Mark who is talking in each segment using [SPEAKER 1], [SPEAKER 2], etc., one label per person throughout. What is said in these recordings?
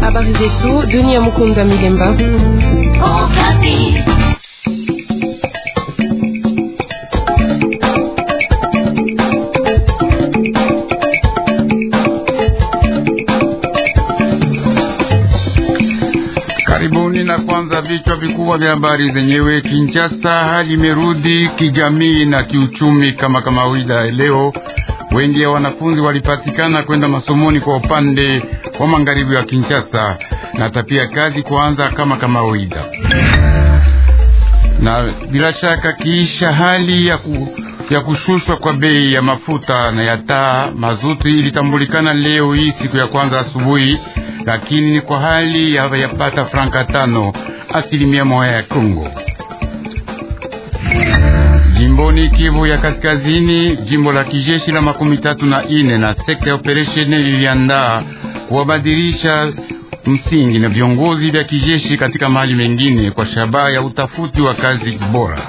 [SPEAKER 1] Habari zetu Dunia Mukunda Milemba.
[SPEAKER 2] Okapi.
[SPEAKER 3] na kwanza vichwa vikubwa vya habari zenyewe. Kinshasa, hali imerudi kijamii na kiuchumi kama kawaida leo Wengi ya wanafunzi walipatikana kwenda masomoni kwa upande wa magharibi wa Kinshasa na tapia kazi kuanza kama kawaida, na bila shaka kiisha hali ya ku ya kushushwa kwa bei ya mafuta na ya taa mazuti ilitambulikana leo hii siku ya kwanza asubuhi, lakini ni kwa hali ya yapata franka tano asilimia moja ya Kongo jimboni Kivu ya Kaskazini, jimbo la kijeshi la makumi tatu na ine na sekta ya operesheni liliandaa kuwabadilisha msingi na viongozi vya kijeshi katika mahali mengine kwa shabaha ya utafuti wa kazi bora.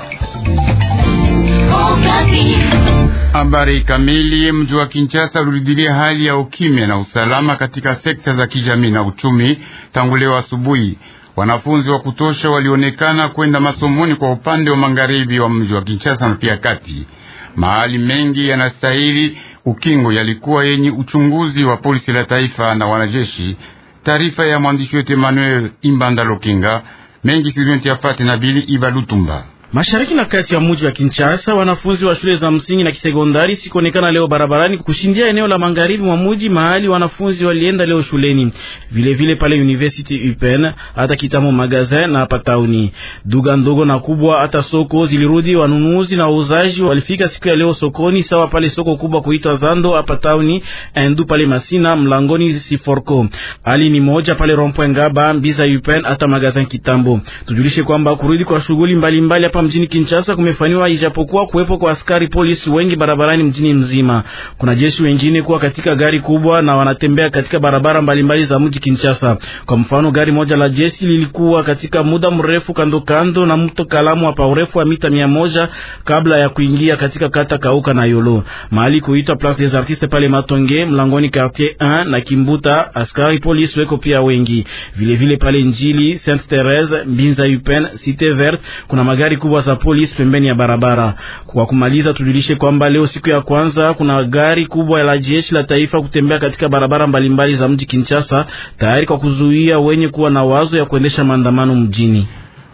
[SPEAKER 3] Habari kamili. Mji wa Kinshasa ulirudilia hali ya ukimya na usalama katika sekta za kijamii na uchumi tangu leo asubuhi. Wanafunzi wa kutosha walionekana kwenda masomoni kwa upande wa magharibi wa mji wa Kinshasa na pia kati. Mahali mengi yanastahili ukingo yalikuwa yenye uchunguzi wa polisi la taifa na wanajeshi. Taarifa ya mwandishi wetu Emmanuel Imbanda Lokinga mengi sidenti afate na Bili Iva Lutumba.
[SPEAKER 4] Mashariki na kati ya mji wa Kinshasa, wanafunzi wa shule za msingi na kisekondari sikuonekana leo barabarani kushindia eneo la magharibi mwa mji mahali wanafunzi walienda leo shuleni, vilevile vile pale University UPN, hata Kitamo Magazin na hapa tauni duga ndogo na kubwa, hata soko zilirudi. Wanunuzi na wauzaji walifika siku ya leo sokoni, sawa pale soko kubwa kuitwa Zando hapa tauni, endu pale Masina mlangoni Siforko, hali ni moja pale Rompwe Ngaba Mbiza UPN, hata Magazin Kitambo. Tujulishe kwamba kurudi kwa shughuli mbalimbali hapa mjini Kinshasa kumefanywa ijapokuwa kuwepo kwa askari polisi wengi barabarani mjini mzima. Kuna jeshi wengine kuwa katika gari kubwa na wanatembea katika barabara mbalimbali za mji Kinshasa. Kwa mfano, gari moja la jeshi lilikuwa katika muda mrefu kando kando na mto Kalamu hapa urefu wa mita mia moja kabla ya kuingia katika kata Kauka na Yolo mahali kuitwa Place des Artistes pale Matonge mlangoni quartier 1 na Kimbuta. Askari polisi weko pia wengi Vile vile pale Njili Sainte Therese Binza Upen Cité Verte kuna magari kubwa kubwa za polisi pembeni ya barabara. Kwa kumaliza, tujulishe kwamba leo siku ya kwanza kuna gari kubwa la jeshi la taifa kutembea katika barabara mbalimbali za mji Kinshasa, tayari kwa kuzuia wenye kuwa na wazo ya kuendesha maandamano mjini.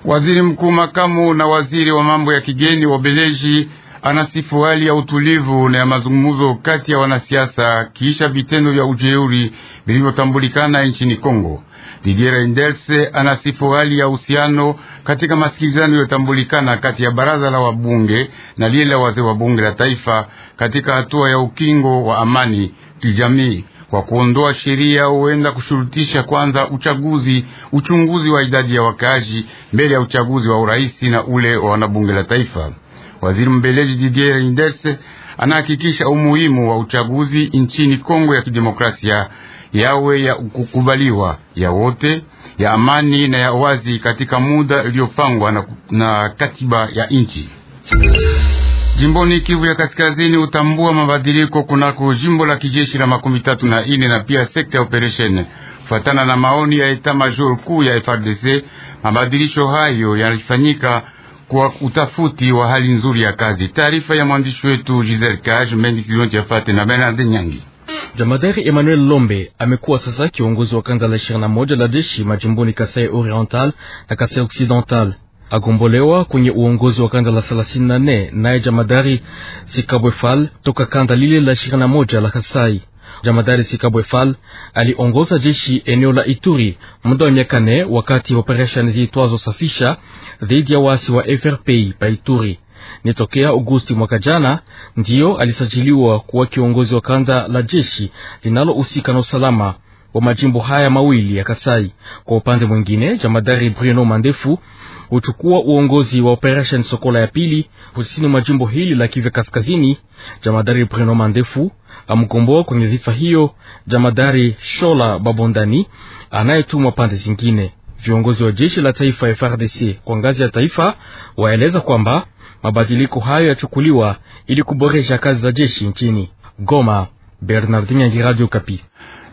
[SPEAKER 3] Waziri mkuu makamu na waziri wa mambo ya kigeni wa Beleji anasifu hali ya utulivu na ya mazungumzo kati ya wanasiasa kisha vitendo vya ujeuri vilivyotambulikana nchini Kongo. Didier Reynders anasifu hali ya uhusiano katika masikilizano yaliyotambulikana kati ya baraza la wabunge na lile la wazee wa bunge la taifa katika hatua ya ukingo wa amani kijamii kwa kuondoa sheria huenda kushurutisha kwanza uchaguzi uchunguzi wa idadi ya wakaaji mbele ya uchaguzi wa urais na ule wa wanabunge la taifa. Waziri mbeleji Didier Reynders anahakikisha umuhimu wa uchaguzi nchini Kongo ya Kidemokrasia yawe ya kukubaliwa ya wote, ya amani na ya wazi katika muda uliopangwa na, na katiba ya nchi. Jimboni Kivu ya Kaskazini utambua mabadiliko kunako jimbo la kijeshi la makumi tatu na ine na pia sekta ya operesheni kufatana na maoni ya eta major kuu ya FRDC. Mabadilisho hayo yalifanyika kwa utafuti wa hali nzuri ya kazi. Taarifa ya mwandishi wetu Giselle Kaj Mengi Silonti Afate na Bernard Nyangi.
[SPEAKER 5] Jamadari Emmanuel Lombe amekuwa sasa kiongozi wa kanda la moja la jeshi majimboni Kasai Oriental na Kasai Occidental agombolewa kwenye uongozi wa kanda la 34 naye Jamadari Sikabwefal toka kanda lile la moja la Kasai. Jamadari Sikabwefal aliongoza jeshi eneo la Ituri muda wa miaka nne wakati operesheni ziitwazo safisha dhidi ya waasi wa FRPI pa Ituri ni tokea Agosti mwaka jana ndiyo alisajiliwa kuwa kiongozi wa kanda la jeshi linalohusika na usalama wa majimbo haya mawili ya Kasai. Kwa upande mwingine, jamadari Bruno Mandefu huchukua uongozi wa operation Sokola ya pili kusini mwa jimbo hili la Kivu Kaskazini. Jamadari Bruno Mandefu amkomboa kwenye dhifa hiyo jamadari Shola Babondani anayetumwa pande zingine. Viongozi wa jeshi la taifa frdc kwa ngazi ya taifa waeleza kwamba Mabadiliko hayo
[SPEAKER 3] yachukuliwa ili kuboresha kazi za jeshi nchini. Goma, Bernardin Nyangi, Radio Kapi.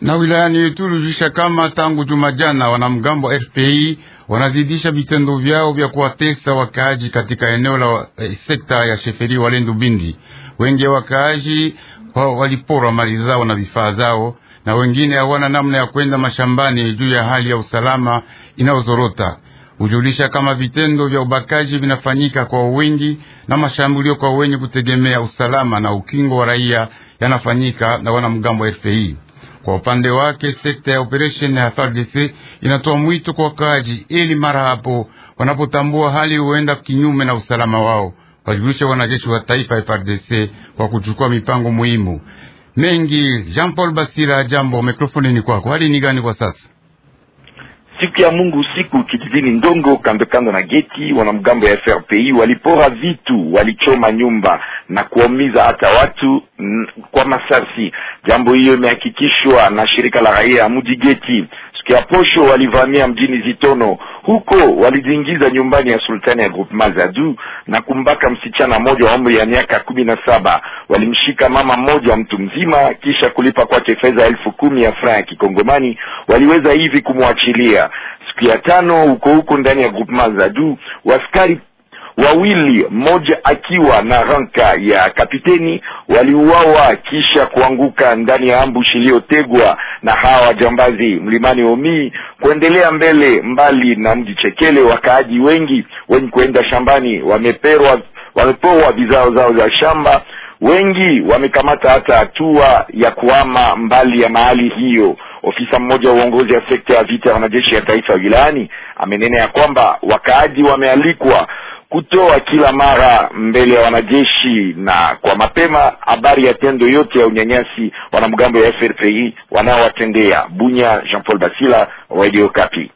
[SPEAKER 3] Na wilayani Ituri kama tangu juma jana, wanamgambo wa FPI wanazidisha vitendo vyao vya kuwatesa wakaaji katika eneo la eh, sekta ya Sheferi Walendu Bindi. Wengi ya wakaaji walipora mali zao na vifaa zao, na wengine hawana namna ya kwenda mashambani juu ya hali ya usalama inayozorota hujulisha kama vitendo vya ubakaji vinafanyika kwa wingi na mashambulio kwa wenye kutegemea usalama na ukingo wa raia yanafanyika na wanamgambo wa RFI. Kwa upande wake sekta ya operation ya FARDC inatoa mwito kwa wakaaji ili mara hapo wanapotambua hali huenda kinyume na usalama wao wajulishe wanajeshi wa taifa ya FARDC kwa kuchukua mipango muhimu mengi. Jean Paul Basira, jambo, mikrofoni ni kwako. Hali ni gani kwa sasa?
[SPEAKER 2] siku ya Mungu usiku kijijini Ndongo, kando kando na geti, wanamgambo ya FRPI walipora vitu, walichoma nyumba na kuomiza hata watu mm, kwa masasi. Jambo hiyo imehakikishwa na shirika la raia mji geti posho walivamia mjini Zitono, huko walijiingiza nyumbani ya sultani ya Groupema Zadu na kumbaka msichana mmoja wa umri ya miaka kumi na saba. Walimshika mama mmoja mtu mzima, kisha kulipa kwake fedha elfu kumi ya fran ya kikongomani waliweza hivi kumwachilia. Siku ya tano huko huko ndani ya Groupema Zadu waskari wawili mmoja akiwa na ranka ya kapiteni waliuawa kisha kuanguka ndani ya ambushi iliyotegwa na hawa wajambazi mlimani Omii kuendelea mbele mbali na mji Chekele. Wakaaji wengi wenye kuenda shambani wameperwa wamepoa bidhaa zao za shamba, wengi wamekamata hata hatua ya kuama mbali ya mahali hiyo. Ofisa mmoja wa uongozi ya sekta ya vita ya wanajeshi ya taifa wilayani amenena ya kwamba wakaaji wamealikwa kutoa kila mara mbele ya wanajeshi na kwa mapema habari ya tendo yote ya unyanyasi wanamgambo ya FRPI wanaowatendea. Bunya, Jean Paul Basila, Radio Okapi.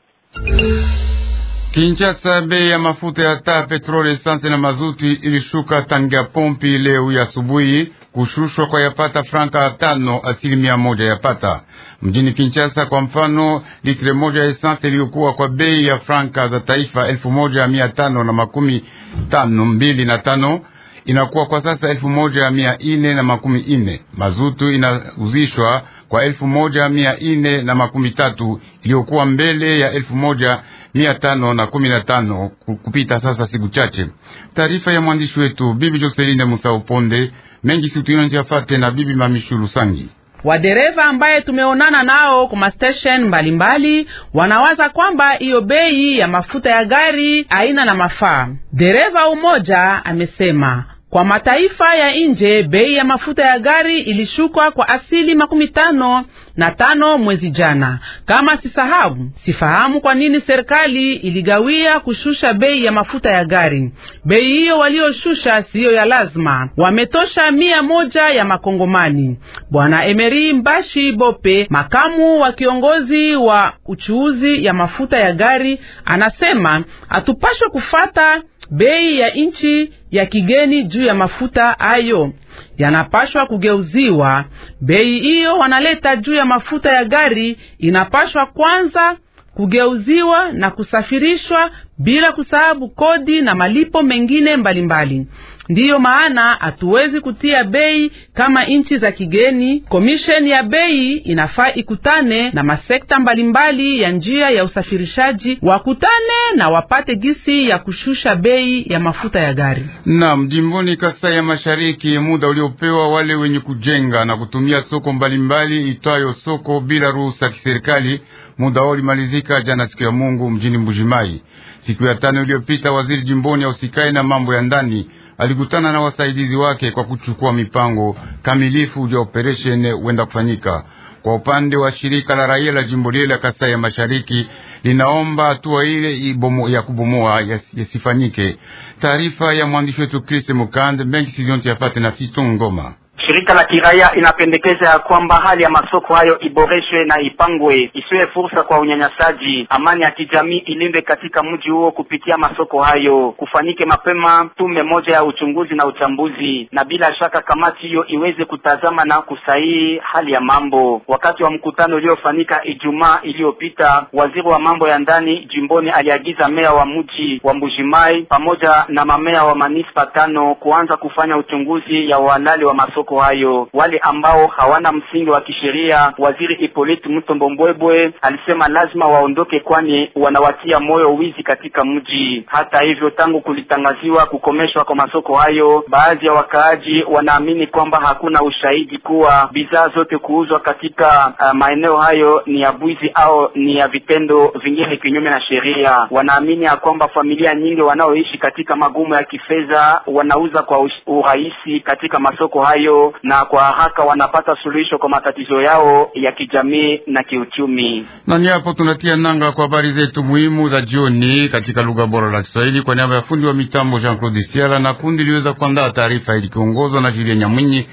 [SPEAKER 3] Kinshasa, bei ya mafuta ya taa, petroli, esanse na mazuti ilishuka tangia pompi leo ya asubuhi, kushushwa kwa yapata franka tano asilimia moja yapata mjini Kinshasa. Kwa mfano, litre moja ya esanse iliyokuwa kwa bei ya franka za taifa elfu moja mia tano na makumi tano mbili na tano inakuwa kwa sasa elfu moja mia ine na makumi ine. Mazutu inauzishwa kwa elfu moja mia ine na makumi tatu iliyokuwa mbele ya elfu moja mia tano na kumi na tano kupita sasa siku chache. Taarifa ya mwandishi wetu bibi Joseline Musao Ponde mengi situinonjafate na bibi Mamishu Lusangi.
[SPEAKER 1] Wadereva ambaye tumeonana nao kuma station mbalimbali wanawaza kwamba hiyo bei ya mafuta ya gari haina na mafaa. Dereva umoja amesema kwa mataifa ya nje bei ya mafuta ya gari ilishuka kwa asili makumi tano na tano mwezi jana. Kama sisahabu, sifahamu kwa nini serikali iligawia kushusha bei ya mafuta ya gari. Bei hiyo walioshusha siyo ya lazima, wametosha mia moja ya Makongomani. Bwana Emery Mbashi Bope, makamu wa kiongozi wa uchuuzi ya mafuta ya gari, anasema hatupashwe kufata bei ya nchi ya kigeni juu ya mafuta hayo yanapashwa kugeuziwa. Bei hiyo wanaleta juu ya mafuta ya gari inapashwa kwanza kugeuziwa na kusafirishwa bila kusahabu kodi na malipo mengine mbalimbali. Ndiyo maana hatuwezi kutia bei kama nchi za kigeni. Komisheni ya bei inafaa ikutane na masekta mbalimbali ya njia ya usafirishaji, wakutane na wapate gisi ya kushusha bei ya mafuta ya gari.
[SPEAKER 3] nam jimboni Kasai ya Mashariki, muda uliopewa wale wenye kujenga na kutumia soko mbalimbali itwayo soko bila ruhusa ya kiserikali, muda wao ulimalizika jana siku ya Mungu mjini Mbujimai. Siku ya tano iliyopita, waziri jimboni ausikae na mambo ya ndani alikutana na wasaidizi wake kwa kuchukua mipango kamilifu ya operesheni huenda kufanyika. Kwa upande wa shirika la raia la jimbo lile la Kasai ya Mashariki linaomba hatua ile ya kubomoa yasifanyike. Taarifa ya mwandishi wetu Chris Mukande mengi sizonti yafate na Fisto Ngoma.
[SPEAKER 6] Shirika la kiraia inapendekeza ya kwamba hali ya masoko hayo iboreshwe na ipangwe, isiwe fursa kwa unyanyasaji. Amani ya kijamii ilinde katika mji huo kupitia masoko hayo, kufanyike mapema tume moja ya uchunguzi na uchambuzi, na bila shaka kamati hiyo iweze kutazama na kusahihi hali ya mambo. Wakati wa mkutano uliofanyika Ijumaa iliyopita, waziri wa mambo ya ndani jimboni aliagiza meya wa mji wa Mbujimai pamoja na mameya wa manispa tano kuanza kufanya uchunguzi ya uhalali wa masoko mabadiliko hayo. Wale ambao hawana msingi wa kisheria, waziri Hippolyte Mutombo Mbwebwe alisema lazima waondoke, kwani wanawatia moyo wizi katika mji. Hata hivyo, tangu kulitangaziwa kukomeshwa kwa masoko hayo, baadhi ya wakaaji wanaamini kwamba hakuna ushahidi kuwa bidhaa zote kuuzwa katika uh, maeneo hayo ni ya bwizi au ni ya vitendo vingine kinyume na sheria. Wanaamini ya kwamba familia nyingi wanaoishi katika magumu ya kifedha wanauza kwa urahisi katika masoko hayo na kwa haraka wanapata suluhisho kwa matatizo yao ya kijamii na kiuchumi.
[SPEAKER 3] Na ni hapo tunatia nanga kwa habari zetu muhimu za jioni katika lugha bora la Kiswahili. Kwa niaba ya fundi wa mitambo Jean Claude Siala na kundi liweza kuandaa taarifa ilikiongozwa na Julien Nyamwinyi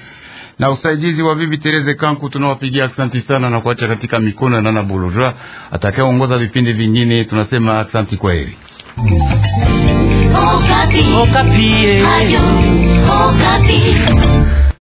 [SPEAKER 3] na usaidizi wa bibi Tereze Kanku, tunawapigia asanti sana na kuacha katika mikono ya Nana Bolojwa atakayeongoza vipindi vingine. Tunasema asanti kwa heri.
[SPEAKER 2] Okapi. Oh, Okapi. Oh, eh. Ayo, Okapi. Oh,